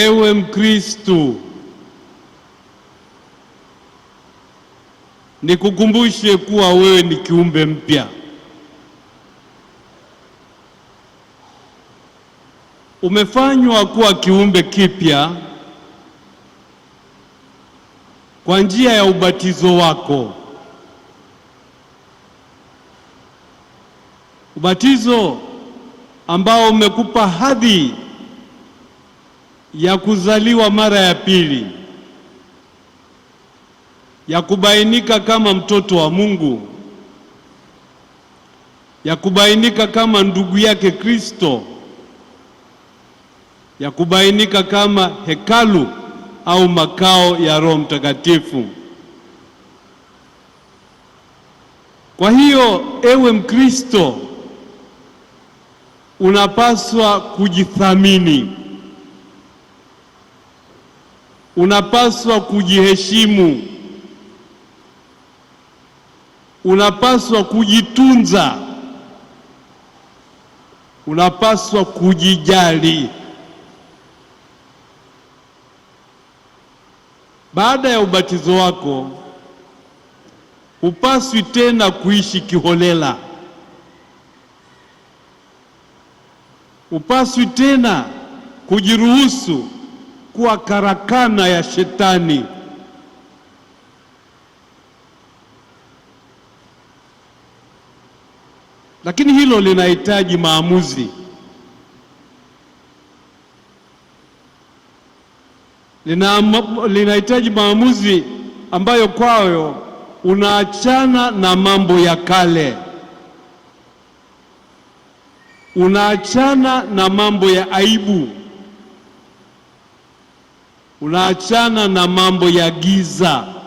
Ewe Mkristo, nikukumbushe kuwa wewe ni kiumbe mpya. Umefanywa kuwa kiumbe kipya kwa njia ya ubatizo wako. Ubatizo ambao umekupa hadhi ya kuzaliwa mara ya pili ya kubainika kama mtoto wa Mungu ya kubainika kama ndugu yake Kristo ya kubainika kama hekalu au makao ya Roho Mtakatifu. Kwa hiyo ewe Mkristo unapaswa kujithamini unapaswa kujiheshimu, unapaswa kujitunza, unapaswa kujijali. Baada ya ubatizo wako hupaswi tena kuishi kiholela, hupaswi tena kujiruhusu kuwa karakana ya shetani. Lakini hilo linahitaji maamuzi, linahitaji maamuzi ambayo kwayo unaachana na mambo ya kale, unaachana na mambo ya aibu unaachana na mambo ya giza.